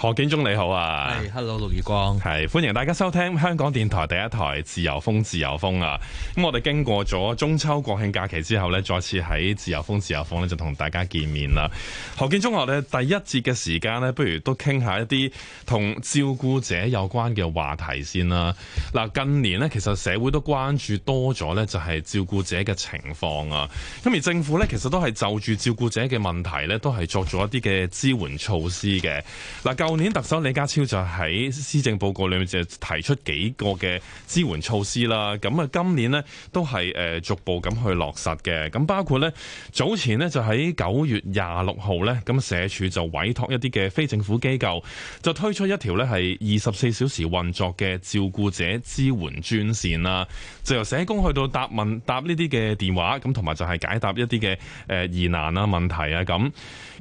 何建中你好啊，係、hey,，Hello，陸宇光，係，歡迎大家收聽香港電台第一台自由風自由風啊，咁我哋經過咗中秋國慶假期之後咧，再次喺自由風自由風咧就同大家見面啦。何建中學咧第一節嘅時間咧，不如都傾下一啲同照顧者有關嘅話題先啦。嗱，近年咧其實社會都關注多咗咧，就係照顧者嘅情況啊。咁而政府咧其實都係就住照顧者嘅問題咧，都係作咗一啲嘅支援措施嘅。嗱，舊年特首李家超就喺施政報告裏面就提出幾個嘅支援措施啦，咁啊今年呢都係誒逐步咁去落實嘅，咁包括呢早前呢就喺九月廿六號呢咁社署就委託一啲嘅非政府機構就推出一條呢係二十四小時運作嘅照顧者支援專線啦，就由社工去到答問答呢啲嘅電話，咁同埋就係解答一啲嘅誒疑難啊問題啊咁。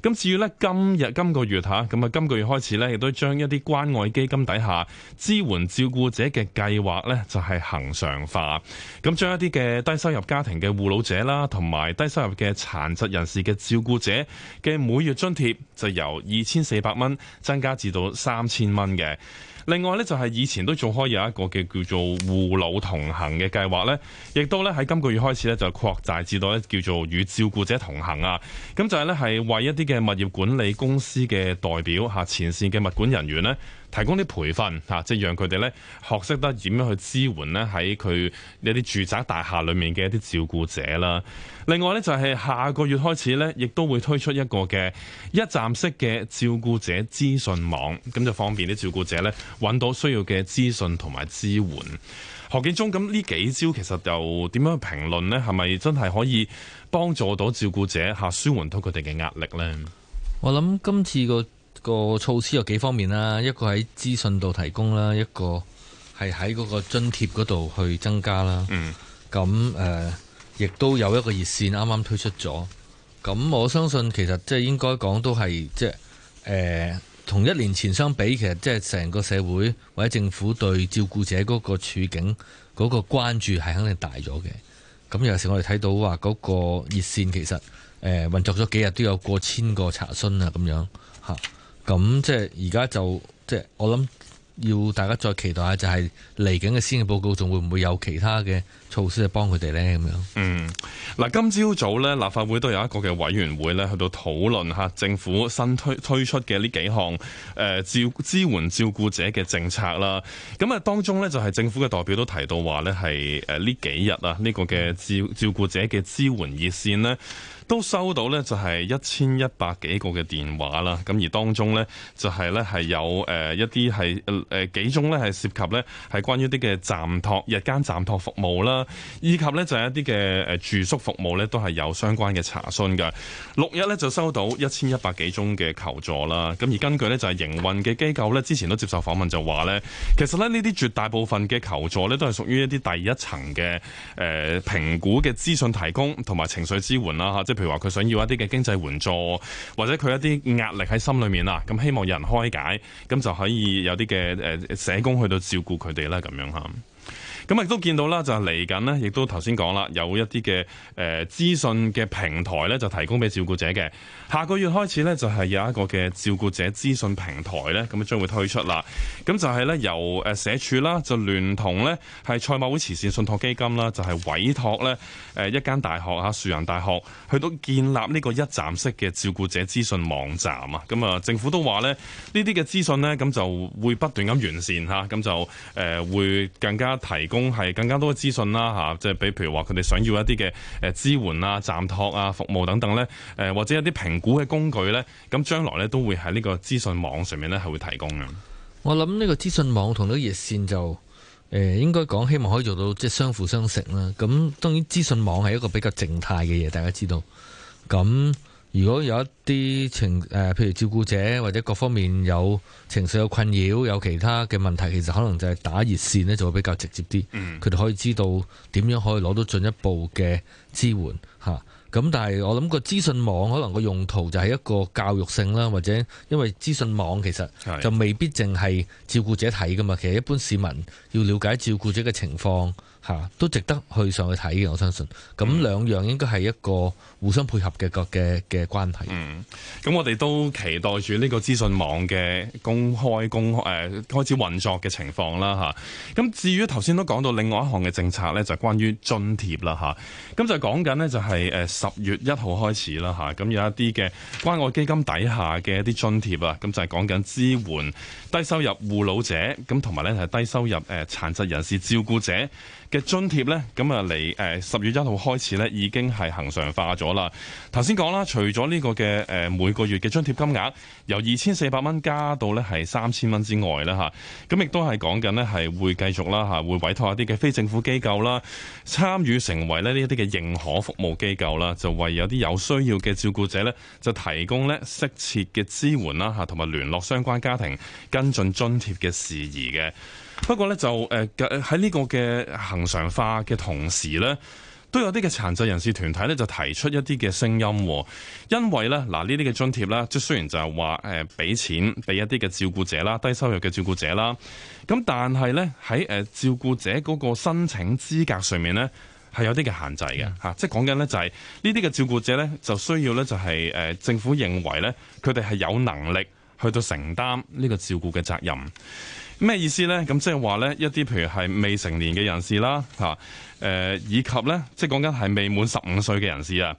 咁至於咧今日今個月吓，咁啊今個月開始咧，亦都將一啲關愛基金底下支援照顧者嘅計劃咧，就係恆常化。咁將一啲嘅低收入家庭嘅護老者啦，同埋低收入嘅殘疾人士嘅照顧者嘅每月津貼就由二千四百蚊增加至到三千蚊嘅。另外咧，就係以前都仲開有一個嘅叫做護老同行嘅計劃咧，亦都咧喺今個月開始咧就擴大至到咧叫做與照顧者同行啊。咁就係咧係為一啲。嘅物業管理公司嘅代表嚇、前線嘅物管人員呢，提供啲培訓嚇，即係讓佢哋呢，學識得點樣去支援呢喺佢一啲住宅大廈裏面嘅一啲照顧者啦。另外呢，就係下個月開始呢，亦都會推出一個嘅一站式嘅照顧者資訊網，咁就方便啲照顧者呢搵到需要嘅資訊同埋支援。何建中，咁呢幾招其實又點樣評論呢？係咪真係可以幫助到照顧者嚇，舒緩到佢哋嘅壓力呢？我諗今次個個措施有幾方面啦，一個喺資訊度提供啦，一個係喺嗰個津貼嗰度去增加啦。嗯，咁誒，亦、呃、都有一個熱線啱啱推出咗。咁我相信其實即係應該講都係即係誒。呃同一年前相比，其實即係成個社會或者政府對照顧者嗰個處境嗰個關注係肯定大咗嘅。咁尤其是我哋睇到話嗰個熱線其實誒運作咗幾日都有過千個查詢啊，咁樣嚇。咁即係而家就即係我諗要大家再期待下，就係嚟緊嘅先嘅報告仲會唔會有其他嘅？措施係幫佢哋咧，咁樣。嗯，嗱，今朝早咧，立法會都有一個嘅委員會咧，去到討論吓政府新推推出嘅呢幾項誒，照支援照顧者嘅政策啦。咁啊，當中咧就係政府嘅代表都提到話咧，係誒呢幾日啊，呢個嘅照照顧者嘅支援熱線咧，都收到咧就係一千一百幾個嘅電話啦。咁而當中咧就係咧係有誒一啲係誒幾宗咧係涉及咧係關於啲嘅暫托日間暫托服務啦。以及呢，就係一啲嘅誒住宿服務呢，都係有相關嘅查詢嘅，六日呢，就收到一千一百幾宗嘅求助啦。咁而根據呢，就係營運嘅機構呢，之前都接受訪問就話呢，其實咧呢啲絕大部分嘅求助呢，都係屬於一啲第一層嘅誒評估嘅資訊提供同埋情緒支援啦吓，即係譬如話佢想要一啲嘅經濟援助，或者佢一啲壓力喺心裏面啦，咁希望有人開解，咁就可以有啲嘅誒社工去到照顧佢哋啦，咁樣吓。咁亦都見到啦，就係嚟緊咧，亦都頭先講啦，有一啲嘅誒資訊嘅平台咧，就提供俾照顧者嘅。下個月開始咧，就係、是、有一個嘅照顧者資訊平台咧，咁啊將會推出啦。咁就係咧由誒社署啦，就聯同咧係賽馬會慈善信託基金啦，就係、是、委託咧誒一間大學嚇樹仁大學去到建立呢個一站式嘅照顧者資訊網站啊。咁啊、呃、政府都話咧呢啲嘅資訊咧，咁就會不斷咁完善吓，咁就誒、呃、會更加提供。係更加多嘅資訊啦吓，即係比譬如話佢哋想要一啲嘅誒支援啊、暫託啊、服務等等呢，誒或者一啲評估嘅工具呢，咁將來呢都會喺呢個資訊網上面呢係會提供嘅。我諗呢個資訊網同呢個熱線就誒，應該講，希望可以做到即係相輔相成啦。咁當然資訊網係一個比較靜態嘅嘢，大家知道咁。如果有一啲情，譬如照顧者或者各方面有情緒有困擾，有其他嘅問題，其實可能就係打熱線呢就會比較直接啲。佢、嗯、哋可以知道點樣可以攞到進一步嘅支援咁、啊、但係我諗個資訊網可能個用途就係一個教育性啦，或者因為資訊網其實就未必淨係照顧者睇噶嘛。其實一般市民要了解照顧者嘅情況。嚇，都值得去上去睇嘅，我相信。咁兩樣應該係一個互相配合嘅個嘅嘅關係。嗯，咁我哋都期待住呢個資訊網嘅公開公、誒開、呃、開始運作嘅情況啦，吓，咁至於頭先都講到另外一項嘅政策咧，就係關於津貼啦，吓，咁就講緊咧就係誒十月一號開始啦，吓，咁有一啲嘅關愛基金底下嘅一啲津貼啊，咁就係講緊支援低收入護老者，咁同埋咧係低收入誒殘疾人士照顧者。嘅津貼咧，咁啊嚟誒十月一號開始咧，已經係恒常化咗啦。頭先講啦，除咗呢個嘅誒每個月嘅津貼金額由二千四百蚊加到咧係三千蚊之外咧嚇，咁亦都係講緊咧係會繼續啦嚇，會委託一啲嘅非政府機構啦，參與成為咧呢一啲嘅認可服務機構啦，就為有啲有需要嘅照顧者咧，就提供咧適切嘅支援啦嚇，同埋聯絡相關家庭跟進津貼嘅事宜嘅。不過咧就誒喺呢個嘅恒常化嘅同時呢，都有啲嘅殘疾人士團體呢，就提出一啲嘅聲音，因為呢，嗱呢啲嘅津貼啦，即雖然就係話誒俾錢俾一啲嘅照顧者啦，低收入嘅照顧者啦，咁但係呢，喺誒照顧者嗰個申請資格上面呢，係有啲嘅限制嘅吓，即係講緊呢就係呢啲嘅照顧者呢，就需要呢，就係誒政府認為呢，佢哋係有能力去到承擔呢個照顧嘅責任。咩意思呢？咁即係話呢，一啲譬如係未成年嘅人士啦，吓，誒，以及呢，即係講緊係未滿十五歲嘅人士啊，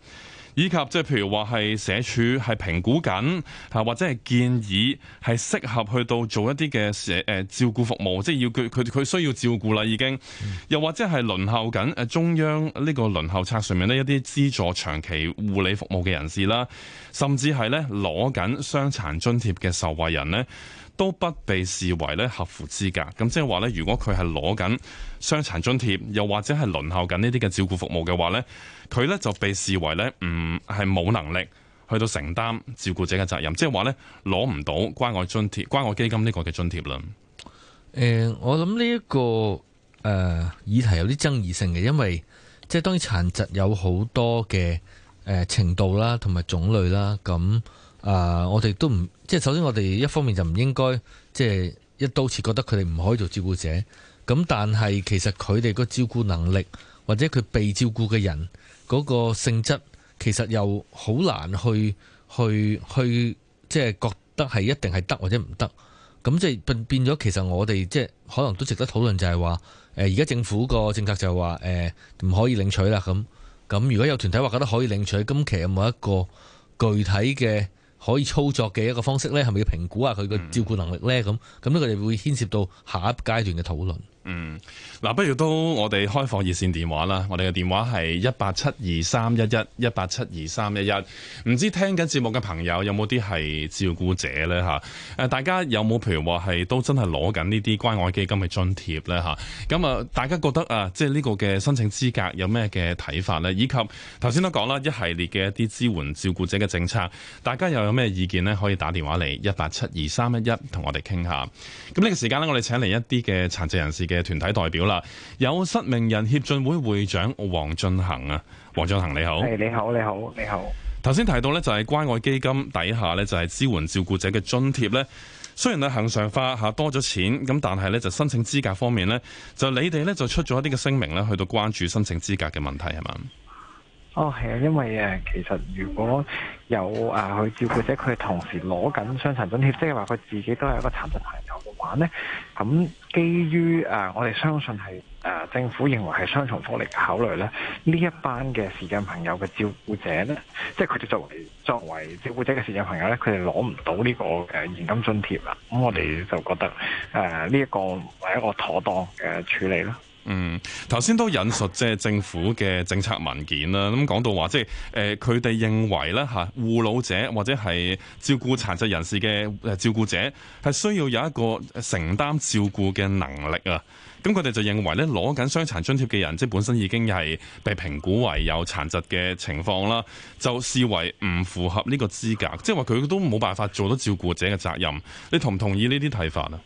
以及即係譬如話係社署係評估緊，吓，或者係建議係適合去到做一啲嘅社誒、呃、照顧服務，即係要佢佢需要照顧啦，已經，又或者係輪候緊誒中央呢個輪候冊上面呢一啲資助長期護理服務嘅人士啦，甚至係呢攞緊傷殘津貼嘅受惠人呢。都不被視為咧合乎資格，咁即係話咧，如果佢係攞緊傷殘津貼，又或者係輪候緊呢啲嘅照顧服務嘅話咧，佢咧就被視為咧唔係冇能力去到承擔照顧者嘅責任，即係話咧攞唔到關愛津貼、關愛基金呢個嘅津貼啦。誒、呃，我諗呢一個誒、呃、議題有啲爭議性嘅，因為即係當然殘疾有好多嘅誒、呃、程度啦，同埋種類啦，咁。啊、呃！我哋都唔即係，首先我哋一方面就唔應該即係一刀切，覺得佢哋唔可以做照顧者。咁但係其實佢哋個照顧能力，或者佢被照顧嘅人嗰、那個性質，其實又好難去去去即係覺得係一定係得或者唔得。咁即係變咗，其實我哋即係可能都值得討論就，就係話誒而家政府個政策就係話誒唔可以領取啦。咁咁如果有團體話覺得可以領取，咁其實有冇一個具體嘅。可以操作嘅一個方式咧，係咪要評估啊佢嘅照顧能力咧？咁咁咧佢哋會牽涉到下一階段嘅討論。嗯，嗱，不如都我哋開放熱線電話啦。我哋嘅電話係一八七二三一一一八七二三一一。唔知聽緊節目嘅朋友有冇啲係照顧者咧吓？誒、啊，大家有冇譬如話係都真係攞緊呢啲關愛基金嘅津貼咧吓？咁啊，大家覺得啊，即係呢個嘅申請資格有咩嘅睇法咧？以及頭先都講啦，一系列嘅一啲支援照顧者嘅政策，大家又有咩意見咧？可以打電話嚟一八七二三一一，同我哋傾下。咁呢個時間咧，我哋請嚟一啲嘅殘疾人士嘅。團體代表啦，有失明人協進會會長黃俊恒啊，黃俊恒你好，係你好，你好，你好。頭先提到呢，就係關愛基金底下呢，就係支援照顧者嘅津貼呢，雖然係恆常化吓多咗錢，咁但係呢，就申請資格方面呢，就你哋呢，就出咗一啲嘅聲明呢，去到關注申請資格嘅問題係嘛？哦，係啊，因為誒，其實如果有啊，去照顧者佢同時攞緊傷殘津貼，即係話佢自己都係一個殘疾朋友嘅話呢。咁。基於誒、啊，我哋相信係誒、啊、政府認為係雙重福利考慮咧，呢一班嘅視障朋友嘅照顧者咧，即係佢哋作為作為照顧者嘅視障朋友咧，佢哋攞唔到呢個誒現金津貼啦。咁我哋就覺得誒呢一個係一個妥當嘅處理啦。嗯，頭先都引述即係政府嘅政策文件啦，咁講到話即係誒，佢、呃、哋認為咧嚇、啊、護老者或者係照顧殘疾人士嘅、呃、照顧者係需要有一個承擔照顧嘅能力啊，咁佢哋就認為咧攞緊傷殘津貼嘅人，即係本身已經係被評估為有殘疾嘅情況啦，就視為唔符合呢個資格，即係話佢都冇辦法做到照顧者嘅責任。你同唔同意呢啲睇法啊？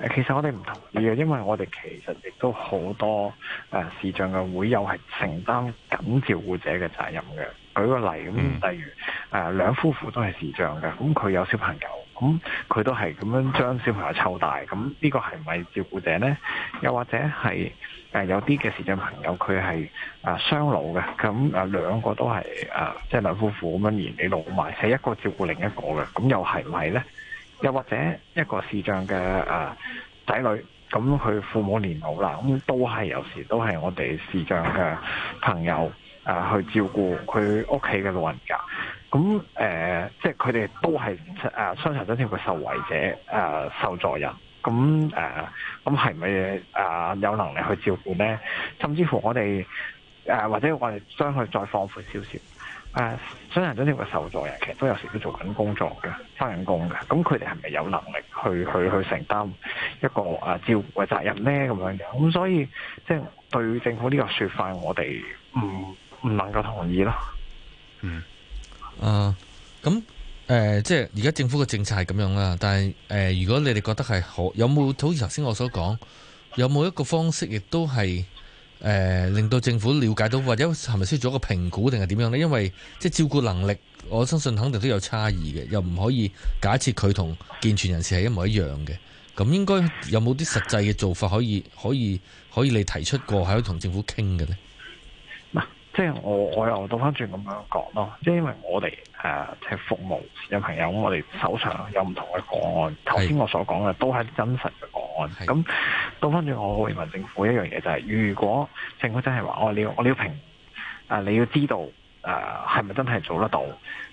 誒，其實我哋唔同意嘅，因為我哋其實亦都好多誒、呃、視障嘅會友係承擔緊照顧者嘅責任嘅。舉個例，咁例如誒、呃、兩夫婦都係視障嘅，咁、嗯、佢有小朋友，咁、嗯、佢都係咁樣將小朋友湊大，咁、嗯、呢、呢個係唔係照顧者呢？又或者係誒、呃、有啲嘅視障朋友佢係誒雙老嘅，咁、嗯、誒、呃、兩個都係誒即係兩夫婦咁樣、嗯、而你老埋，係一個照顧另一個嘅，咁、嗯、又係唔係呢？又或者一個視障嘅誒仔女，咁佢父母年老啦，咁都係有時都係我哋視障嘅朋友誒、啊、去照顧佢屋企嘅老人家，咁誒、呃、即係佢哋都係誒傷殘津貼嘅受惠者誒、啊、受助人，咁誒咁係咪誒有能力去照顧呢？甚至乎我哋誒、啊、或者我哋將佢再放寬少少。誒、啊，雙人真正嘅受助人其實都有時都做緊工作嘅，翻緊工嘅，咁佢哋係咪有能力去去去承擔一個啊，照顧嘅責任呢？咁樣嘅？咁所以即係、就是、對政府呢個說法，我哋唔唔能夠同意咯。嗯。啊、呃，咁誒、呃，即係而家政府嘅政策係咁樣啦，但係誒、呃，如果你哋覺得係好，有冇好似頭先我所講，有冇一個方式亦都係？誒、呃，令到政府了解到，或者係咪需要做一個評估，定係點樣呢？因為即係照顧能力，我相信肯定都有差異嘅，又唔可以假設佢同健全人士係一模一樣嘅。咁應該有冇啲實際嘅做法可以、可以、可以你提出過，係可以同政府傾嘅呢？即係我我又倒翻轉咁樣講咯，即係因為我哋誒即係服務有朋友，我哋手上有唔同嘅個案。頭先我所講嘅都係真實嘅個案。咁倒翻轉我會問政府一樣嘢就係、是，如果政府真係話我你要我你要評、呃、你要知道誒係咪真係做得到，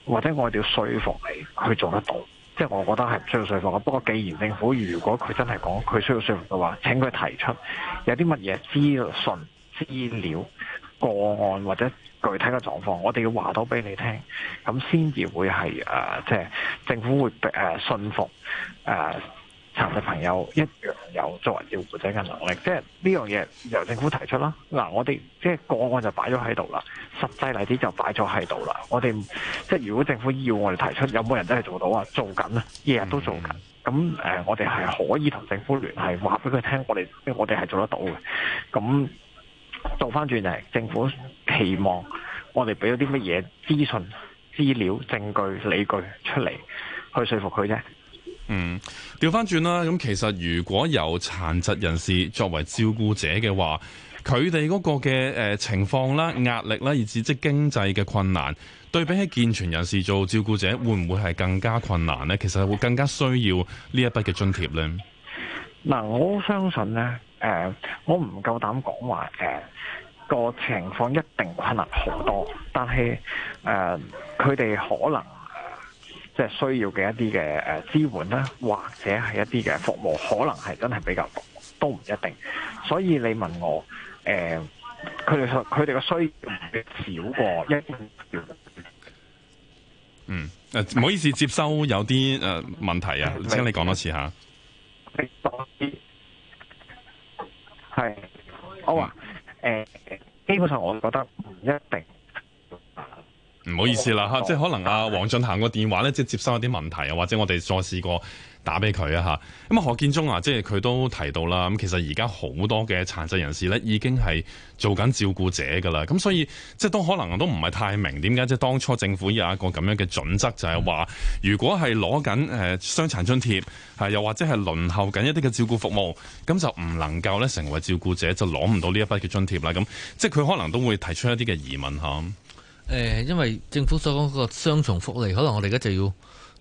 或者我哋要說服你去做得到。即係我覺得係唔需要說服。不過既然政府如果佢真係講佢需要說服嘅話，請佢提出有啲乜嘢資訊資料。個案或者具體嘅狀況，我哋要話到俾你聽，咁先至會係誒，即、呃、係政府會誒、呃、信服誒，殘、呃、疾朋友一樣有作為照顧者嘅能力。即係呢樣嘢由政府提出啦。嗱、啊，我哋即係個案就擺咗喺度啦，實際例子就擺咗喺度啦。我哋即係如果政府要我哋提出，有冇人真係做到啊？做緊啊，日日都做緊。咁誒、呃，我哋係可以同政府聯繫話俾佢聽，我哋我哋係做得到嘅。咁。倒翻轉嚟，政府期望我哋俾咗啲乜嘢資訊、資料、證據、理據出嚟，去説服佢啫。嗯，調翻轉啦，咁其實如果有殘疾人士作為照顧者嘅話，佢哋嗰個嘅誒情況啦、壓力啦，以至即經濟嘅困難，對比起健全人士做照顧者，會唔會係更加困難呢？其實會更加需要呢一筆嘅津貼呢？嗱，我相信呢。呃、我唔夠膽講話個情況一定困難好多，但係誒佢哋可能即係需要嘅一啲嘅誒支援或者係一啲嘅服務，可能係真係比較多，都唔一定。所以你問我誒，佢哋佢哋嘅需要唔少過一啲。嗯，唔、呃、好意思，接收有啲誒、呃、問題啊，請你講多次嚇、啊。通常我覺得唔一定。唔好意思啦，即係可能阿黃俊恒個電話咧，即係接收一啲問題啊，或者我哋再試過打俾佢啊，哈！咁啊，何建中啊，即係佢都提到啦。咁其實而家好多嘅殘疾人士咧，已經係做緊照顧者噶啦。咁所以即係都可能都唔係太明點解，即係當初政府有一個咁樣嘅準則，就係話如果係攞緊誒傷殘津貼，係又或者係輪候緊一啲嘅照顧服務，咁就唔能夠咧成為照顧者，就攞唔到呢一筆嘅津貼啦。咁即係佢可能都會提出一啲嘅疑問吓。誒、欸，因為政府所講個雙重福利，可能我哋而家就要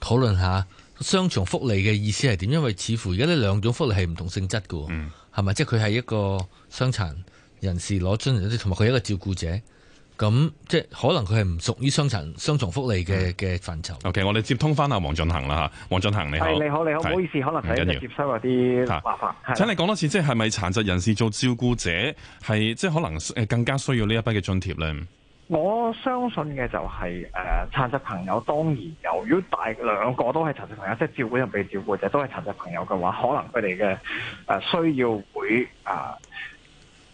討論下雙重福利嘅意思係點。因為似乎而家呢兩種福利係唔同性質嘅，係、嗯、咪？即係佢係一個傷殘人士攞津貼，同埋佢係一個照顧者。咁即係可能佢係唔屬於傷殘雙重福利嘅嘅範疇。OK，我哋接通翻阿王俊行啦吓，黃俊恒你,你好，你好你好，唔好意思，是可能係接收一啲麻煩，請你講多次，即係係咪殘疾人士做照顧者，係即係可能誒更加需要這一筆的呢一筆嘅津貼咧？我相信嘅就係誒殘疾朋友當然有，如果大兩個都係殘疾朋友，即、就、係、是、照顧人俾照顧者都係殘疾朋友嘅話，可能佢哋嘅誒需要會啊、呃、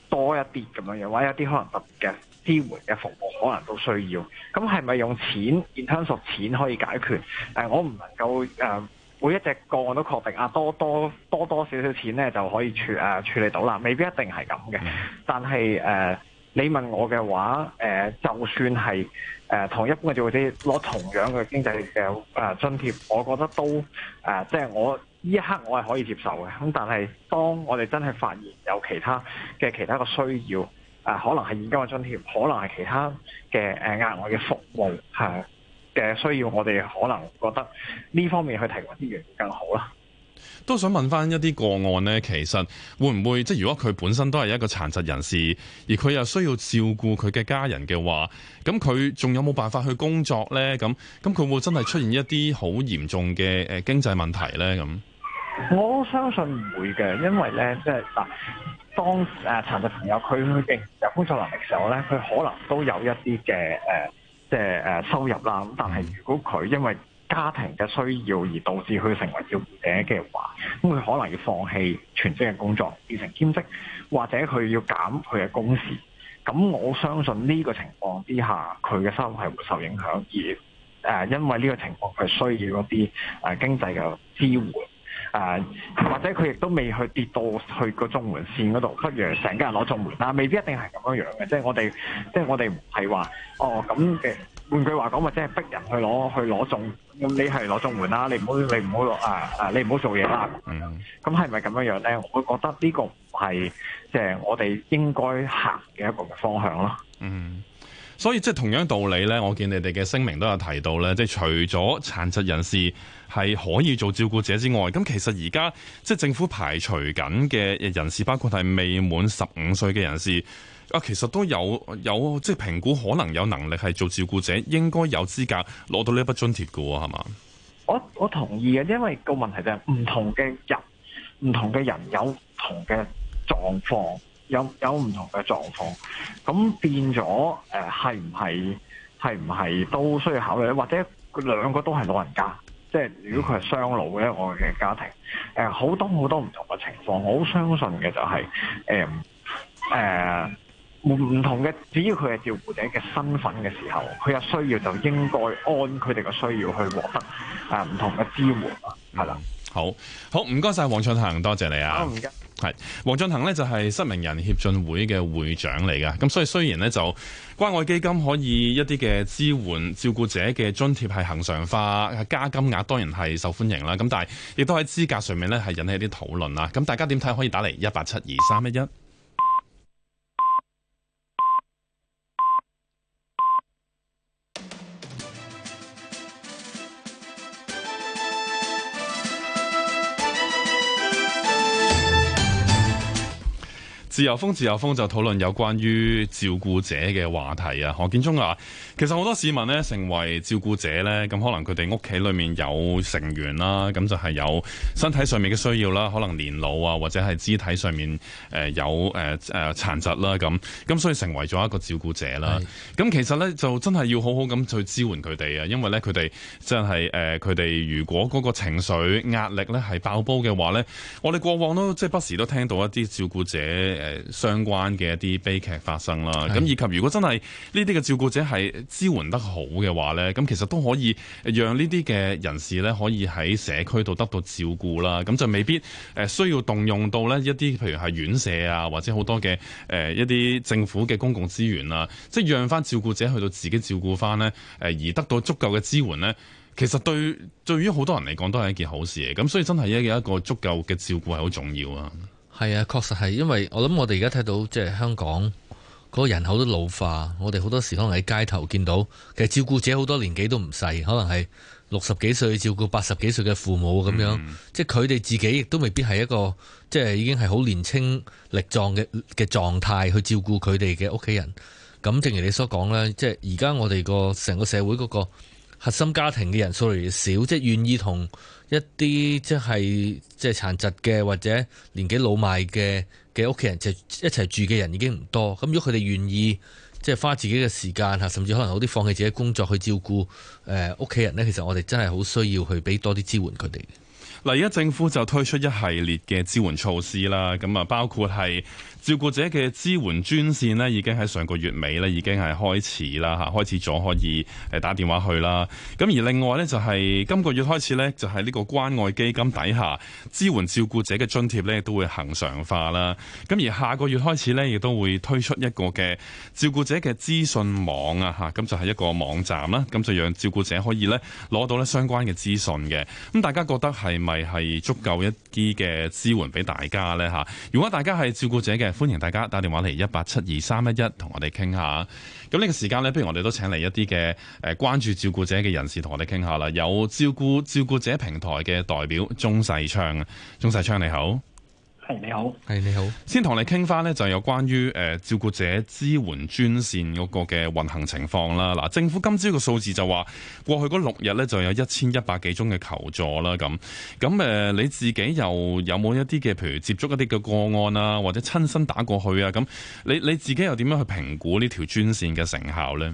多一啲咁樣樣，或者有啲可能特別嘅支援嘅服務可能都需要。咁係咪用錢現鄉屬錢可以解決？誒、呃，我唔能夠誒、呃、每一隻個,個案都確定啊，多多多多少少錢咧就可以處誒、呃、處理到啦，未必一定係咁嘅。但係誒。呃你問我嘅話，誒、呃、就算係誒同一般嘅住戶攞同樣嘅經濟嘅、呃、津貼，我覺得都誒、呃、即係我呢一刻我係可以接受嘅。咁但係當我哋真係發現有其他嘅其他嘅需要，誒、呃、可能係現金嘅津貼，可能係其他嘅誒額外嘅服務係嘅、呃、需要，我哋可能覺得呢方面去提供資源會更好啦。都想問翻一啲個案呢，其實會唔會即係如果佢本身都係一個殘疾人士，而佢又需要照顧佢嘅家人嘅話，咁佢仲有冇辦法去工作呢？咁咁佢會真係出現一啲好嚴重嘅誒經濟問題呢？咁我相信唔會嘅，因為呢，即係嗱，當誒殘疾朋友佢有工作能力時候呢，佢可能都有一啲嘅誒即係收入啦。但係如果佢因為家庭嘅需要而導致佢成為照顧者嘅話，咁佢可能要放棄全職嘅工作，變成兼職，或者佢要減佢嘅工時。咁我相信呢個情況之下，佢嘅生活係會受影響。而誒、呃，因為呢個情況佢需要一啲誒、呃、經濟嘅支援，誒、呃、或者佢亦都未去跌到去個綜援線嗰度，不如成家人攞綜援啦。但未必一定係咁樣樣嘅，即係我哋，即係我哋唔係話哦咁嘅。換句話講，或者即係逼人去攞去攞綜，咁你係攞綜援啦，你唔好你唔好啊啊，你唔好做嘢啦。咁係咪咁樣樣咧？我覺得呢個唔係即係我哋應該行嘅一個方向咯。嗯，所以即係同樣道理咧，我見你哋嘅聲明都有提到咧，即係除咗殘疾人士係可以做照顧者之外，咁其實而家即係政府排除緊嘅人士，包括係未滿十五歲嘅人士。啊，其實都有有即係評估，可能有能力係做照顧者，應該有資格攞到呢一筆津貼嘅，係嘛？我我同意嘅，因為個問題就係唔同嘅人，唔同嘅人有唔同嘅狀況，有有唔同嘅狀況，咁變咗誒，係唔係係唔係都需要考慮咧？或者兩個都係老人家，即係如果佢係雙老嘅，我嘅家庭誒、呃、好多好多唔同嘅情況，我好相信嘅就係誒誒。呃呃唔同嘅，只要佢係照顧者嘅身份嘅時候，佢有需要就應該按佢哋嘅需要去獲得誒唔同嘅支援啊，係啦、嗯。好，好唔該晒，黃俊恒，多謝，謝你啊。唔、哦、該，黃俊恒呢，就係、是、失明人協進會嘅會長嚟嘅，咁所以雖然呢，就關愛基金可以一啲嘅支援照顧者嘅津貼係恆常化，加金額當然係受歡迎啦，咁但係亦都喺資格上面呢，係引起一啲討論啦。咁大家點睇？可以打嚟一八七二三一一。自由風，自由風就討論有關於照顧者嘅話題啊！何建中啊，其實好多市民呢，成為照顧者呢，咁可能佢哋屋企裡面有成員啦，咁就係有身體上面嘅需要啦，可能年老啊，或者係肢體上面誒有誒誒殘疾啦，咁咁所以成為咗一個照顧者啦。咁其實呢，就真係要好好咁去支援佢哋啊，因為呢，佢哋真係誒佢哋如果嗰個情緒壓力呢係爆煲嘅話呢，我哋過往都即係不時都聽到一啲照顧者。相關嘅一啲悲劇發生啦，咁以及如果真係呢啲嘅照顧者係支援得好嘅話呢，咁其實都可以讓呢啲嘅人士呢可以喺社區度得到照顧啦，咁就未必誒需要動用到呢一啲譬如係院舍啊，或者好多嘅誒一啲政府嘅公共資源啊，即係讓翻照顧者去到自己照顧翻呢，誒而得到足夠嘅支援呢。其實對對於好多人嚟講都係一件好事嘅，咁所以真係咧一個足夠嘅照顧係好重要啊。係啊，確實係，因為我諗我哋而家睇到，即係香港嗰個人口都老化，我哋好多時可能喺街頭見到，其實照顧者好多年紀都唔細，可能係六十幾歲照顧八十幾歲嘅父母咁樣。嗯，即係佢哋自己亦都未必係一個，即係已經係好年青力壯嘅嘅狀態去照顧佢哋嘅屋企人。咁正如你所講啦，即係而家我哋個成個社會嗰個。核心家庭嘅人數越嚟越少，即係願意同一啲即係即係殘疾嘅或者年紀老邁嘅嘅屋企人一一齊住嘅人已經唔多。咁如果佢哋願意，即係花自己嘅時間吓，甚至可能好啲放棄自己工作去照顧屋企人呢，其實我哋真係好需要去俾多啲支援佢哋。嗱，而家政府就推出一系列嘅支援措施啦，咁啊，包括係。照顧者嘅支援專線咧，已經喺上個月尾咧，已經係開始啦嚇，開始咗可以誒打電話去啦。咁而另外呢、就係，就係今個月開始呢，就係呢個關愛基金底下支援照顧者嘅津貼呢都會恆常化啦。咁而下個月開始呢，亦都會推出一個嘅照顧者嘅資訊網啊嚇，咁就係、係、一個網站啦，咁就讓照顧者可以咧攞到咧相關嘅資訊嘅。咁大家覺得係咪係足夠一啲嘅支援俾大家呢？嚇？如果大家係照顧者嘅，歡迎大家打電話嚟一八七二三一一同我哋傾下。咁呢個時間咧，不如我哋都請嚟一啲嘅誒關注照顧者嘅人士同我哋傾下啦。有照顧照顧者平台嘅代表鍾世昌，鍾世昌你好。你好，係你好。先同你傾翻咧，就有關於誒照顧者支援專線嗰個嘅運行情況啦。嗱，政府今朝個數字就話，過去嗰六日咧就有一千一百幾宗嘅求助啦。咁，咁誒你自己又有冇一啲嘅，譬如接觸一啲嘅個案啊，或者親身打過去啊，咁你你自己又點樣去評估呢條專線嘅成效咧？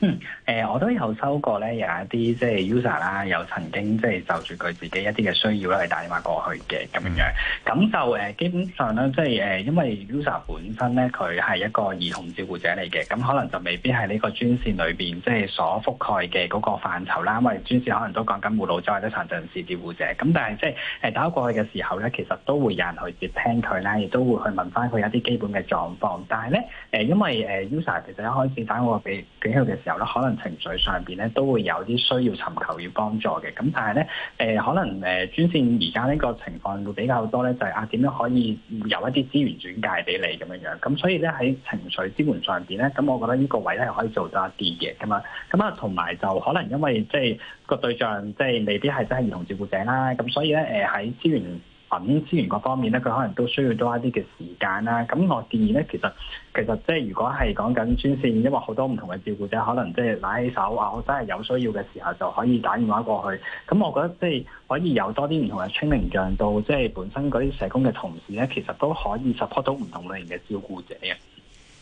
嗯，誒我都有收過咧，有一啲即係 user 啦，有曾經即係就住佢自己一啲嘅需要咧，去打電話過去嘅咁樣。咁、嗯、就誒基本上咧，即係因為 user 本身咧，佢係一個兒童照顧者嚟嘅，咁可能就未必係呢個專線裏面即係所覆蓋嘅嗰個範疇啦。因為專線可能都講緊護老者或者殘障人士照顧者。咁但係即係誒打過去嘅時候咧，其實都會有人去接聽佢啦，亦都會去問翻佢一啲基本嘅狀況。但係咧因為 user 其實一開始打我俾俾佢嘅，時咧，可能情緒上邊咧都會有啲需要尋求要幫助嘅，咁但係咧，誒、呃、可能誒、呃、專線而家呢個情況會比較多咧，就係、是、啊點樣可以有一啲資源轉介俾你咁樣樣，咁所以咧喺情緒支援上邊咧，咁我覺得呢個位咧可以做到一啲嘅咁啊，咁啊同埋就可能因為即係個對象即係未必係真係兒童照顧者啦，咁所以咧誒喺資源。品資源各方面咧，佢可能都需要多一啲嘅時間啦。咁我建議咧，其實其實即係如果係講緊專線，因為好多唔同嘅照顧者可能即係拿起手啊，我真係有需要嘅時候就可以打電話過去。咁我覺得即係可以有多啲唔同嘅清明像到，即係本身嗰啲社工嘅同事咧，其實都可以 support 到唔同類型嘅照顧者嘅。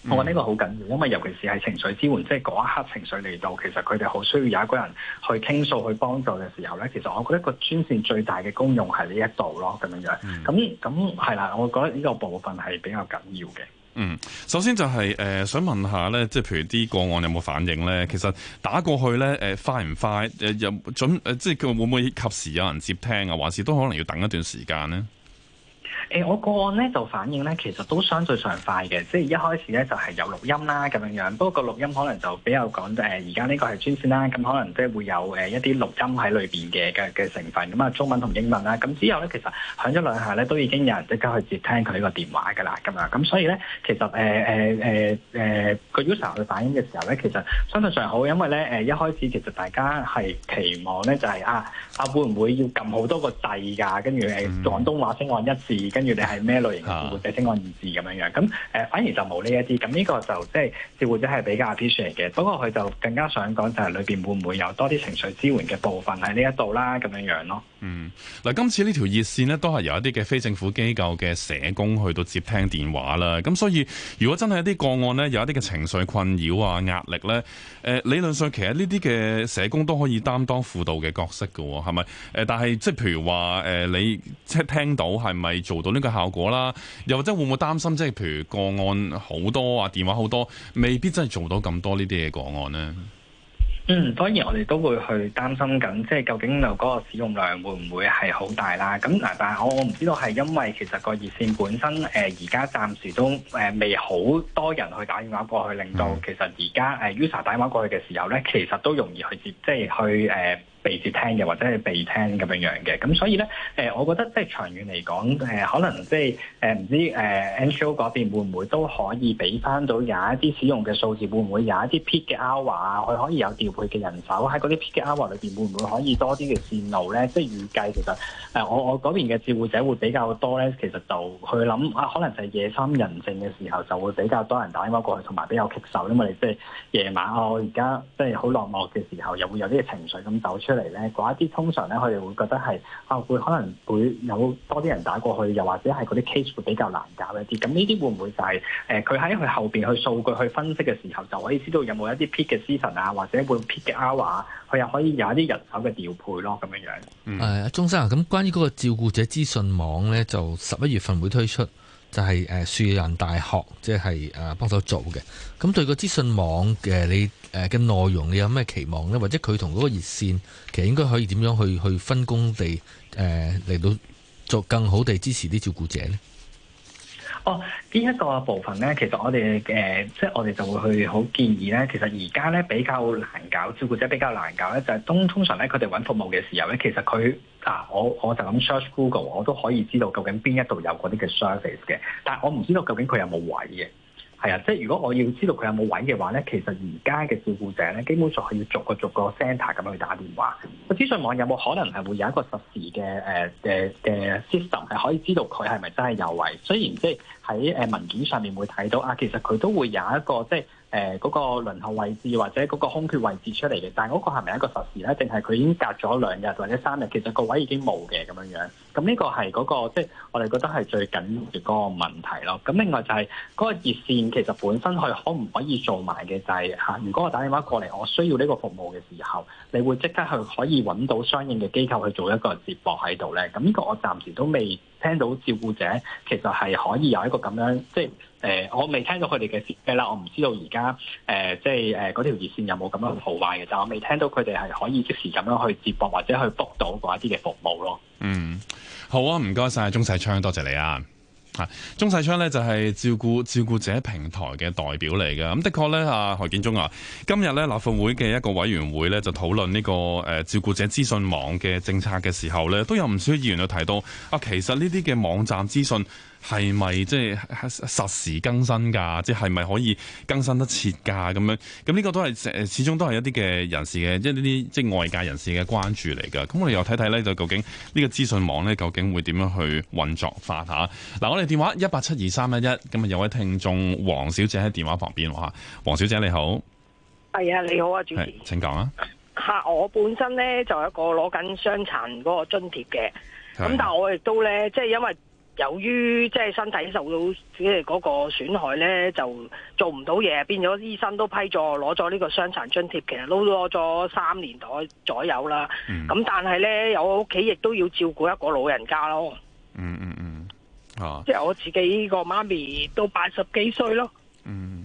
我覺得呢個好緊要，因為尤其是係情緒支援，即係嗰一刻情緒嚟到，其實佢哋好需要有一個人去傾訴、去幫助嘅時候咧，其實我覺得個專線最大嘅功用係呢一度咯，咁樣樣。咁咁係啦，我覺得呢個部分係比較緊要嘅。嗯，首先就係、是、誒、呃、想問下咧，即係譬如啲個案有冇反應咧？其實打過去咧，誒快唔快？誒又、呃、準？誒、呃、即係佢會唔會及時有人接聽啊？還是都可能要等一段時間咧？誒、欸、我個案咧就反映咧，其實都相對上快嘅，即係一開始咧就係、是、有錄音啦，咁樣，不過個錄音可能就比較講誒，而家呢個係專線啦，咁可能即係會有、呃、一啲錄音喺裏面嘅嘅嘅成分，咁啊，中文同英文啦，咁之後咧其實響咗兩下咧，都已經有人即刻去接聽佢呢個電話㗎啦，咁啊，咁所以咧其實誒誒誒誒個 user 去反應嘅時候咧，其實相對上好，因為咧、呃、一開始其實大家係期望咧就係、是、啊啊會唔會要撳好多個掣㗎，跟住誒廣東話聲按一字跟住你係咩類型嘅照顧者案，聲望意志咁樣樣，咁誒、呃、反而就冇呢一啲，咁呢個就即係照顧者係比較 appreciate 嘅，不過佢就更加想講就係裏邊會唔會有多啲情緒支援嘅部分喺呢一度啦，咁樣樣咯。嗯，嗱，今次呢條熱線呢都係由一啲嘅非政府機構嘅社工去到接聽電話啦。咁所以，如果真係一啲個案呢，有一啲嘅情緒困擾啊、壓力呢，理論上其實呢啲嘅社工都可以擔當輔導嘅角色喎。係咪？但係即係譬如話你即係聽到係咪做到呢個效果啦？又或者會唔會擔心，即係譬如個案好多啊，電話好多，未必真係做到咁多呢啲嘅個案呢？嗯，當然我哋都會去擔心緊，即係究竟嗰個使用量會唔會係好大啦？咁嗱，但係我我唔知道係因為其實個熱線本身誒而家暫時都、呃、未好多人去打電話過去，令到其實而家誒 user 打電話過去嘅時候咧，其實都容易去接，即係去誒。呃被接聽嘅或者係被聽咁樣嘅，咁所以咧，誒、呃，我覺得即係長遠嚟講，誒、呃，可能即係誒，唔、呃、知誒、呃、，NCO 嗰邊會唔會都可以俾翻到有一啲使用嘅數字，會唔會有一啲 peak hour 啊，佢可以有調配嘅人手喺嗰啲 peak hour 裏邊，面會唔會可以多啲嘅線路咧？即、就、係、是、預計其實誒、呃，我我嗰邊嘅照顧者會比較多咧，其實就去諗啊，可能就係夜深人靜嘅時候就會比較多人打電話過去，同埋比較棘手，因為你即係夜晚、啊、我而家即係好落寞嘅時候，又會有啲情緒咁走出。出嚟咧，一啲通常咧，佢哋會覺得係啊，會可能會有多啲人打過去，又或者係嗰啲 case 會比較難搞一啲。咁呢啲會唔會就係，誒？佢喺佢後邊去數據去分析嘅時候，就可以知道有冇一啲 peak 嘅資訊啊，或者會 peak 嘅 hour 華，佢又可以有一啲人手嘅調配咯，咁嘅樣。嗯，鍾生啊，咁關於嗰個照顧者資訊網咧，就十一月份會推出。就係、是、誒樹仁大學，即係誒幫手做嘅。咁對個資訊網嘅你誒嘅內容，你有咩期望呢？或者佢同嗰個熱線，其實應該可以點樣去去分工地誒嚟到做更好地支持啲照顧者呢？哦，呢、這、一個部分咧，其實我哋誒、呃，即係我哋就會去好建議咧。其實而家咧比較難搞，照顧者比較難搞咧，就係、是、通通常咧，佢哋揾服務嘅時候咧，其實佢啊，我我就咁 search Google，我都可以知道究竟邊一度有嗰啲嘅 service 嘅，但係我唔知道究竟佢有冇位嘅。係啊，即係如果我要知道佢有冇位嘅話咧，其實而家嘅照顧者咧，基本上係要逐個逐個 centre 咁樣去打電話。個資訊網有冇可能係會有一個實時嘅誒誒嘅 system 係可以知道佢係咪真係有位？雖然即係喺誒文件上面會睇到啊，其實佢都會有一個即係。誒、呃、嗰、那個輪候位置或者嗰個空缺位置出嚟嘅，但嗰個係咪一個實時咧？定係佢已經隔咗兩日或者三日，其實個位已經冇嘅咁樣樣。咁呢個係嗰、那個即、就是、我哋覺得係最緊要嘅嗰個問題咯。咁另外就係嗰個熱線其實本身佢可唔可以做埋嘅就係、是、吓、啊、如果我打電話過嚟，我需要呢個服務嘅時候，你會即刻去可以揾到相應嘅機構去做一個接駁喺度咧。咁呢個我暫時都未聽到照顧者其實係可以有一個咁樣即、就是誒、呃，我未聽到佢哋嘅接機啦，我唔知道而家誒，即係誒嗰條熱線有冇咁樣破壞嘅、嗯，但我未聽到佢哋係可以即時咁樣去接駁或者去 book 到嗰一啲嘅服務咯。嗯，好啊，唔該晒，鍾世昌，多謝你啊。嚇、啊，鍾世昌呢，就係、是、照顧照顧者平台嘅代表嚟嘅。咁的確咧，阿何建忠啊，今日咧立法會嘅一個委員會咧就討論呢、這個誒、呃、照顧者資訊網嘅政策嘅時候咧，都有唔少議員去提到啊，其實呢啲嘅網站資訊。係咪即係實時更新噶？即係咪可以更新得切噶？咁樣，咁呢個都係始終都係一啲嘅人士嘅，即係呢啲即係外界人士嘅關注嚟噶。咁我哋又睇睇呢就，究竟這個資訊呢個資訊網咧，究竟會點樣去運作法。吓？嗱，我哋電話有一八七二三一一，咁有位聽眾黃小姐喺電話旁邊話，黃小姐你好，係啊，你好啊，主持，請講啊。吓、啊，我本身咧就有一個攞緊傷殘嗰個津貼嘅，咁、啊、但係我亦都咧，即、就、係、是、因為。由於即係身體受到即係嗰個損害咧，就做唔到嘢，變咗醫生都批咗攞咗呢個傷殘津貼，其實都攞咗三年代左右啦。咁、嗯、但係咧，有屋企亦都要照顧一個老人家咯。嗯嗯嗯，哦、啊，即係我自己個媽咪都八十幾歲咯。嗯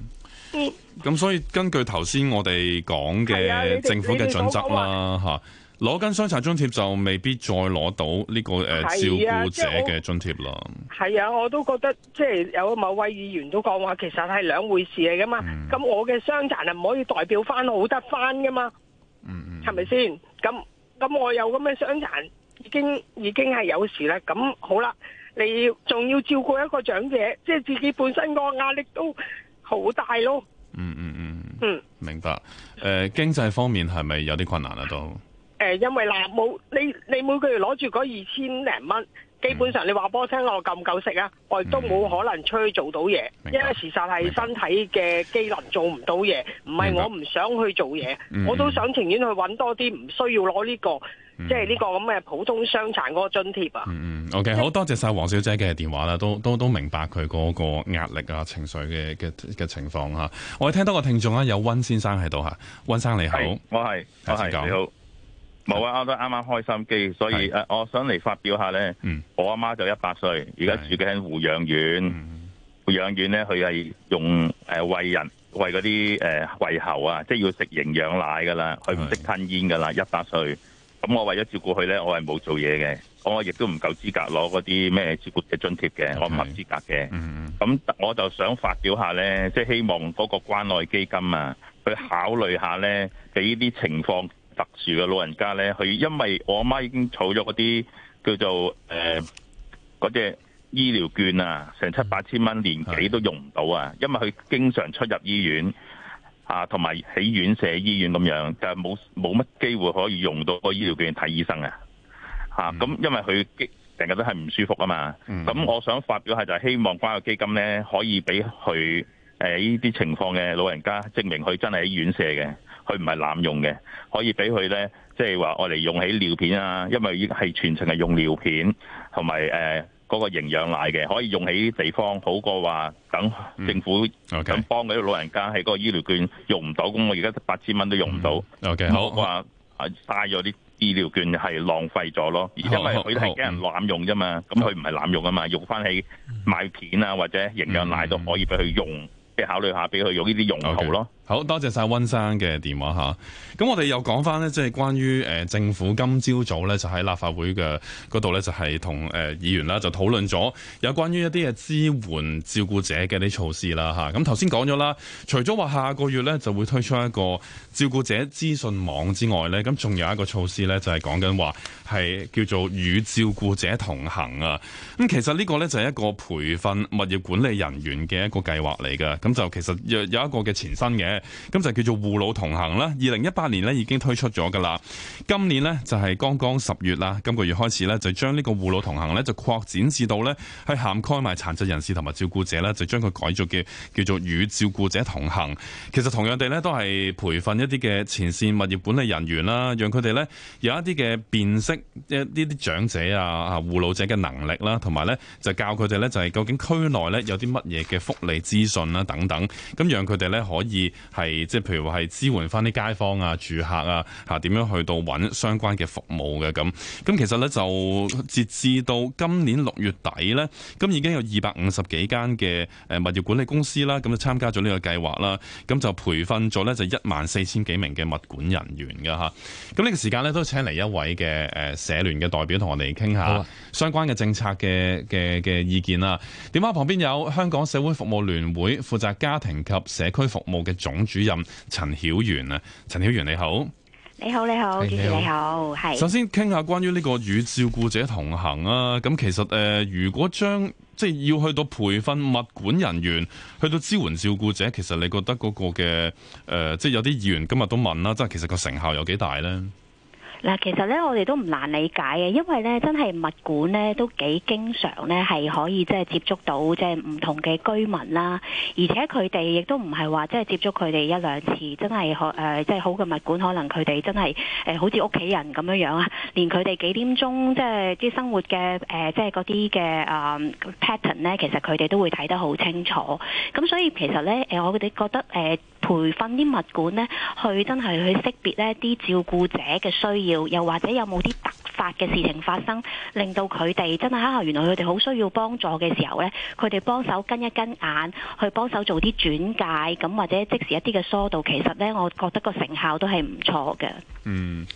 咁、嗯、所以根據頭先我哋講嘅政府嘅準則啦。嚇、啊。攞緊傷殘津貼就未必再攞到呢，這個誒、呃、照顧者嘅津貼啦。係啊，啊，我都覺得即係有某位議員都講話，其實係兩回事嚟噶嘛。咁、嗯、我嘅傷殘係唔可以代表翻好得翻噶嘛。嗯嗯，係咪先？咁咁我有咁嘅傷殘，已經已經係有事啦。咁好啦，你仲要照顧一個長者，即係自己本身個壓力都好大咯。嗯嗯嗯嗯，明白。誒、呃，經濟方面係咪有啲困難啊？都？誒，因為嗱，冇你你每個月攞住嗰二千零蚊，基本上你話俾聽我夠唔夠食啊，我亦都冇可能出去做到嘢，因為事實係身體嘅機能做唔到嘢，唔係我唔想去做嘢，我都想情願去揾多啲唔、嗯、需要攞呢、這個，嗯、即係呢個咁嘅普通傷殘嗰個津貼啊。嗯 o、okay, k、就是、好多謝晒黃小姐嘅電話啦，都都都明白佢嗰個壓力啊、情緒嘅嘅嘅情況吓。我哋聽到個聽眾啊，有溫先生喺度吓，溫生你好，我係。係你好。冇啊！我都啱啱開心機，所以誒，我想嚟發表下咧。我阿媽就一百歲，而家住嘅喺護養院。護養院咧，佢係用誒餵、呃、人，餵嗰啲誒胃喉啊，即係要食營養奶噶啦。佢唔識吞煙噶啦，一百歲。咁我為咗照顧佢咧，我係冇做嘢嘅。我亦都唔夠資格攞嗰啲咩照顧嘅津貼嘅，我唔合資格嘅。咁我就想發表下咧，即係希望嗰個關愛基金啊，去考慮下咧，俾呢啲情況。特殊嘅老人家呢，佢因為我阿媽已經儲咗嗰啲叫做誒嗰隻醫療券啊，成七八千蚊年幾都用唔到啊，因為佢經常出入醫院啊，同埋喺院舍醫院咁樣，就冇冇乜機會可以用到個醫療券睇醫生啊。吓，咁，因為佢成日都係唔舒服啊嘛。咁、嗯、我想發表下就係希望關愛基金呢可以俾佢誒呢啲情況嘅老人家證明佢真係喺院舍嘅。佢唔係濫用嘅，可以俾佢咧，即係話我哋用起尿片啊，因為依係全程係用尿片，同埋誒嗰個營養奶嘅，可以用起地方好過話等政府想、嗯 okay. 幫嗰啲老人家喺嗰、嗰個醫療券用唔到，咁我而家八千蚊都用唔到、嗯 okay。好話嘥咗啲醫療券係浪費咗咯，而因為佢係俾人濫用啫嘛，咁佢唔係濫用啊嘛，用翻起買片啊或者營養奶都可以俾佢用，即、嗯、係考慮下俾佢用呢啲用途咯、okay。好多謝晒溫生嘅電話嚇，咁我哋又講翻呢，即係關於誒政府今朝早呢，就喺立法會嘅嗰度呢，就係同誒議員啦就討論咗有關於一啲嘅支援照顧者嘅啲措施啦吓，咁頭先講咗啦，除咗話下個月呢，就會推出一個照顧者資訊網之外呢，咁仲有一個措施呢，就係講緊話係叫做與照顧者同行啊。咁其實呢個呢，就係一個培訓物業管理人員嘅一個計劃嚟嘅，咁就其實有有一個嘅前身嘅。咁就叫做護老同行啦。二零一八年呢已經推出咗噶啦。今年呢，就係剛剛十月啦。今個月開始呢，就將呢個護老同行呢，就擴展至到呢，去涵蓋埋殘疾人士同埋照顧者呢，就將佢改做叫叫做與照顧者同行。其實同樣地呢，都係培訓一啲嘅前線物業管理人員啦，讓佢哋呢有一啲嘅辨識一呢啲長者啊啊護老者嘅能力啦，同埋呢，就教佢哋呢，就係究竟區內呢有啲乜嘢嘅福利資訊啦等等，咁讓佢哋呢，可以。係即係譬如話係支援翻啲街坊啊、住客啊吓，點樣去到揾相關嘅服務嘅咁，咁其實咧就截至到今年六月底咧，咁已經有二百五十幾間嘅誒物業管理公司啦，咁就參加咗呢個計劃啦，咁就培訓咗咧就一萬四千幾名嘅物管人員嘅吓，咁呢個時間咧都請嚟一位嘅誒、呃、社聯嘅代表同我哋傾下相關嘅政策嘅嘅嘅意見啦。電話旁邊有香港社會服務聯會負責家庭及社區服務嘅總。總主任陳曉園啊，陳曉園你好，你好你好，hey, 主持你好，係首先傾下關於呢個與照顧者同行啊，咁其實誒、呃，如果將即係要去到培訓物管人員，去到支援照顧者，其實你覺得嗰個嘅誒、呃，即係有啲議員今日都問啦，即係其實個成效有幾大咧？嗱，其實咧，我哋都唔難理解嘅，因為咧，真係物管咧都幾經常咧，係可以即係接觸到即係唔同嘅居民啦。而且佢哋亦都唔係話即係接觸佢哋一兩次，真係可誒，即係好嘅物管，可能佢哋真係誒、呃、好似屋企人咁樣樣啊。連佢哋幾點鐘即係即係生活嘅誒、呃，即係嗰啲嘅誒 pattern 咧，其實佢哋都會睇得好清楚。咁所以其實咧，誒我哋覺得誒，呃培訓啲物管呢，去真係去識別呢啲照顧者嘅需要，又或者有冇啲突發嘅事情發生，令到佢哋真係嚇嚇，原來佢哋好需要幫助嘅時候呢，佢哋幫手跟一跟眼，去幫手做啲轉介，咁或者即時一啲嘅疏導，其實呢，我覺得個成效都係唔錯嘅。嗯。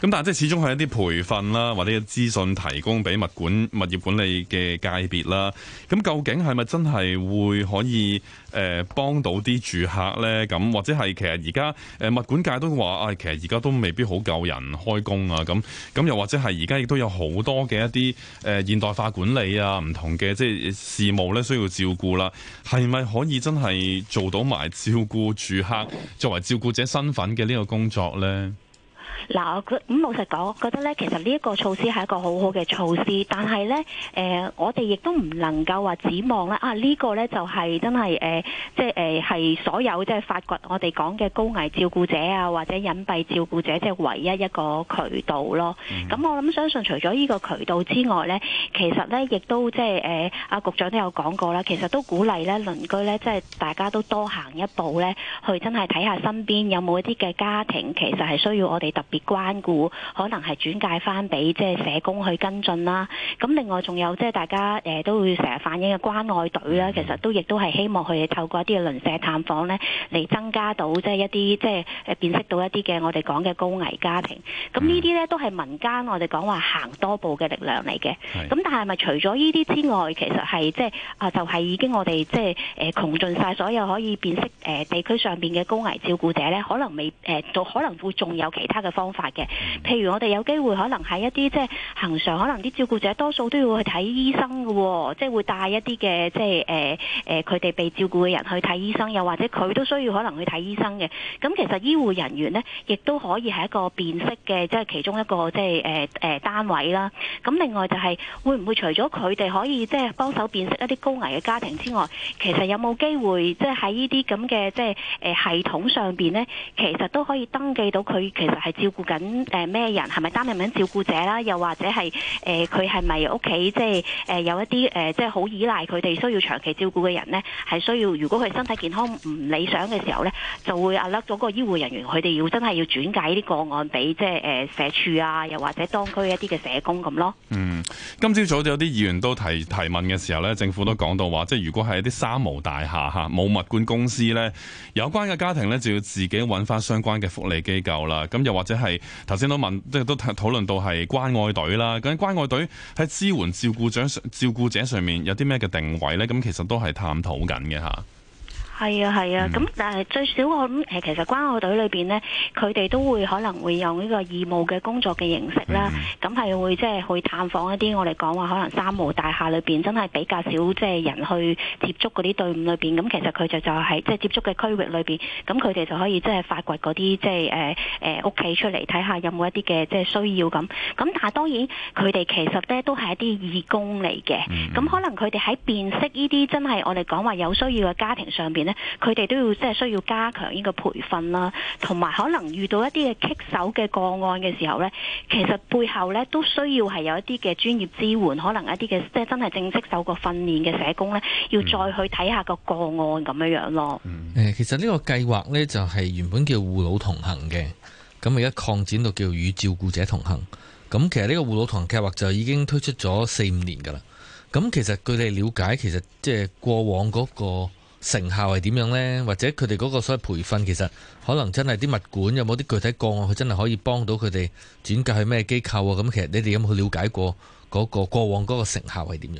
咁但係即係始終係一啲培訓啦，或者資訊提供俾物管、物業管理嘅界別啦。咁究竟係咪真係會可以誒、呃、幫到啲住客咧？咁或者係其實而家誒物管界都話啊、哎，其實而家都未必好夠人開工啊。咁咁又或者係而家亦都有好多嘅一啲誒、呃、現代化管理啊，唔同嘅即係事務咧需要照顧啦。係咪可以真係做到埋照顧住客作為照顧者身份嘅呢個工作咧？嗱，咁老實講，我覺得咧，其實呢一個措施係一個好好嘅措施，但係咧，誒，我哋亦都唔能夠話指望啦，啊呢個咧就係真係，誒，即係誒係所有即係發掘我哋講嘅高危照顧者啊，或者隱蔽照顧者，即係唯一一個渠道咯。咁，嗯，我諗相信除咗呢個渠道之外咧，其實咧亦都即係，誒，阿局長都有講過啦，其實都鼓勵咧鄰居咧，即係大家都多行一步咧，去真係睇下身邊有冇一啲嘅家庭，其實係需要我哋特別別關顧，可能係轉介翻俾即係社工去跟進啦。咁另外仲有即係大家誒都會成日反映嘅關愛隊啦，其實都亦都係希望佢哋透過一啲嘅鄰舍探訪咧，嚟增加到即係一啲即係誒辨識到一啲嘅我哋講嘅高危家庭。咁呢啲咧都係民間我哋講話行多步嘅力量嚟嘅。咁但係咪除咗呢啲之外，其實係即係啊就係已經我哋即係誒窮盡晒所有可以辨識誒地區上邊嘅高危照顧者咧，可能未誒，就可能會仲有其他嘅。方法嘅，譬如我哋有機會可能喺一啲即係平常可能啲照顧者多數都要去睇醫生嘅，即係會帶一啲嘅即係誒誒佢哋被照顧嘅人去睇醫生，又或者佢都需要可能去睇醫生嘅。咁其實醫護人員咧，亦都可以係一個辨識嘅，即係其中一個即係誒誒單位啦。咁另外就係會唔會除咗佢哋可以即係幫手辨識一啲高危嘅家庭之外，其實有冇機會即係喺呢啲咁嘅即係誒系統上邊咧，其實都可以登記到佢其實係。照。照顧緊咩人？係咪擔任緊照顧者啦？又或者係佢係咪屋企即係有一啲即係好依賴佢哋需要長期照顧嘅人呢？係需要如果佢身體健康唔理想嘅時候呢，就會啊甩咗個醫護人員，佢哋要真係要轉介呢啲個案俾即係誒社處啊，又或者當區一啲嘅社工咁咯。今朝早就有啲議員都提提問嘅時候呢，政府都講到話，即如果係一啲三無大廈嚇冇物管公司呢，有關嘅家庭呢，就要自己揾翻相關嘅福利機構啦。咁又或者？係頭先都問，即係都討論到係關愛隊啦。咁關愛隊喺支援照顧者上照顧者上面有啲咩嘅定位呢？咁其實都係探討緊嘅嚇。係啊，係啊，咁、嗯、但係最少我諗誒其實關澳隊關愛隊裏面呢，佢哋都會可能會用呢個義務嘅工作嘅形式啦，咁、嗯、係會即係去探訪一啲我哋講話可能三無大廈裏面真係比較少即係、就是、人去接觸嗰啲隊伍裏面。咁其實佢就就係即係接觸嘅區域裏面。咁佢哋就可以即係、就是、發掘嗰啲即係誒誒屋企出嚟睇下有冇一啲嘅即係需要咁，咁但係當然佢哋其實咧都係一啲義工嚟嘅，咁、嗯、可能佢哋喺辨識呢啲真係我哋講話有需要嘅家庭上邊。佢哋都要即係需要加強呢個培訓啦，同埋可能遇到一啲嘅棘手嘅個案嘅時候呢，其實背後咧都需要係有一啲嘅專業支援，可能一啲嘅即係真係正式受過訓練嘅社工呢，要再去睇下個個案咁樣樣咯。誒、嗯嗯，其實呢個計劃呢，就係原本叫護老同行嘅，咁而家擴展到叫與照顧者同行。咁其實呢個護老同行計劃就已經推出咗四五年噶啦。咁其實據你了解，其實即係過往嗰、那個。成效係點樣咧？或者佢哋嗰個所謂培訓其實可能真係啲物管有冇啲具體個案，佢真係可以幫到佢哋轉介去咩機構啊？咁其實你哋有冇去了解過嗰個過往嗰個成效係點樣？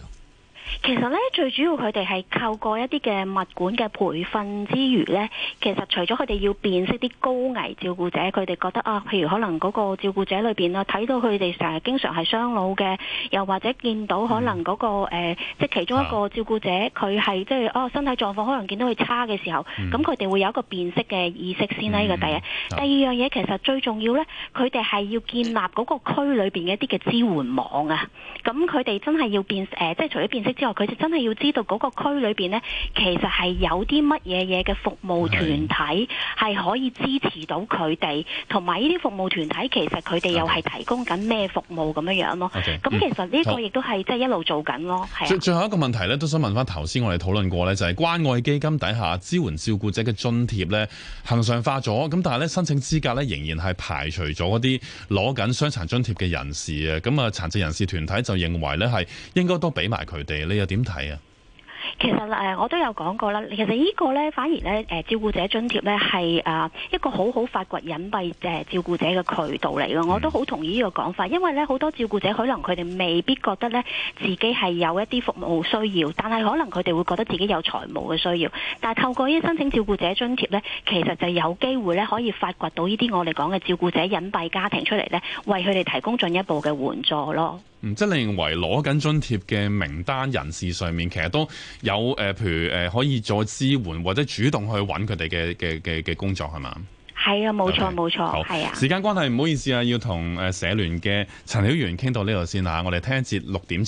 其實咧，最主要佢哋係透過一啲嘅物管嘅培訓之餘呢，其實除咗佢哋要辨識啲高危照顧者，佢哋覺得啊，譬如可能嗰個照顧者裏邊啦，睇到佢哋成日經常係傷腦嘅，又或者見到可能嗰、那個誒、嗯呃，即係其中一個照顧者佢係即係哦、啊、身體狀況可能見到佢差嘅時候，咁佢哋會有一個辨識嘅意識先啦。呢、嗯這個第一，第二樣嘢其實最重要呢，佢哋係要建立嗰個區裏邊嘅一啲嘅支援網啊。咁佢哋真係要辨誒，即係除咗辨識。呃之後，佢就真係要知道嗰個區裏邊咧，其實係有啲乜嘢嘢嘅服務團體係可以支持到佢哋，同埋呢啲服務團體其實佢哋又係提供緊咩服務咁樣樣咯。咁、okay, 其實呢個亦都係即係一路做緊咯。最、嗯、最後一個問題呢，都想問翻頭先我哋討論過呢，就係、是、關愛基金底下支援照顧者嘅津貼呢，恆常化咗，咁但係呢，申請資格呢，仍然係排除咗嗰啲攞緊傷殘津貼嘅人士啊。咁啊殘疾人士團體就認為呢，係應該都俾埋佢哋。你又點睇啊？其實誒，我都有講過啦。其實呢個咧，反而咧誒，照顧者津貼咧係誒一個好好發掘隱蔽誒照顧者嘅渠道嚟㗎。我都好同意呢個講法，因為咧好多照顧者可能佢哋未必覺得咧自己係有一啲服務需要，但係可能佢哋會覺得自己有財務嘅需要。但係透過呢申請照顧者津貼咧，其實就有機會咧可以發掘到呢啲我哋講嘅照顧者隱蔽家庭出嚟咧，為佢哋提供進一步嘅援助咯。唔即你認為攞緊津貼嘅名單人士上面，其實都有誒、呃、譬如誒、呃、可以再支援或者主動去揾佢哋嘅嘅嘅嘅工作係嘛？係啊，冇錯冇錯，係、okay. 啊。時間關係唔好意思啊，要同誒社聯嘅陳曉園傾到呢度先吓，我哋聽一節六點。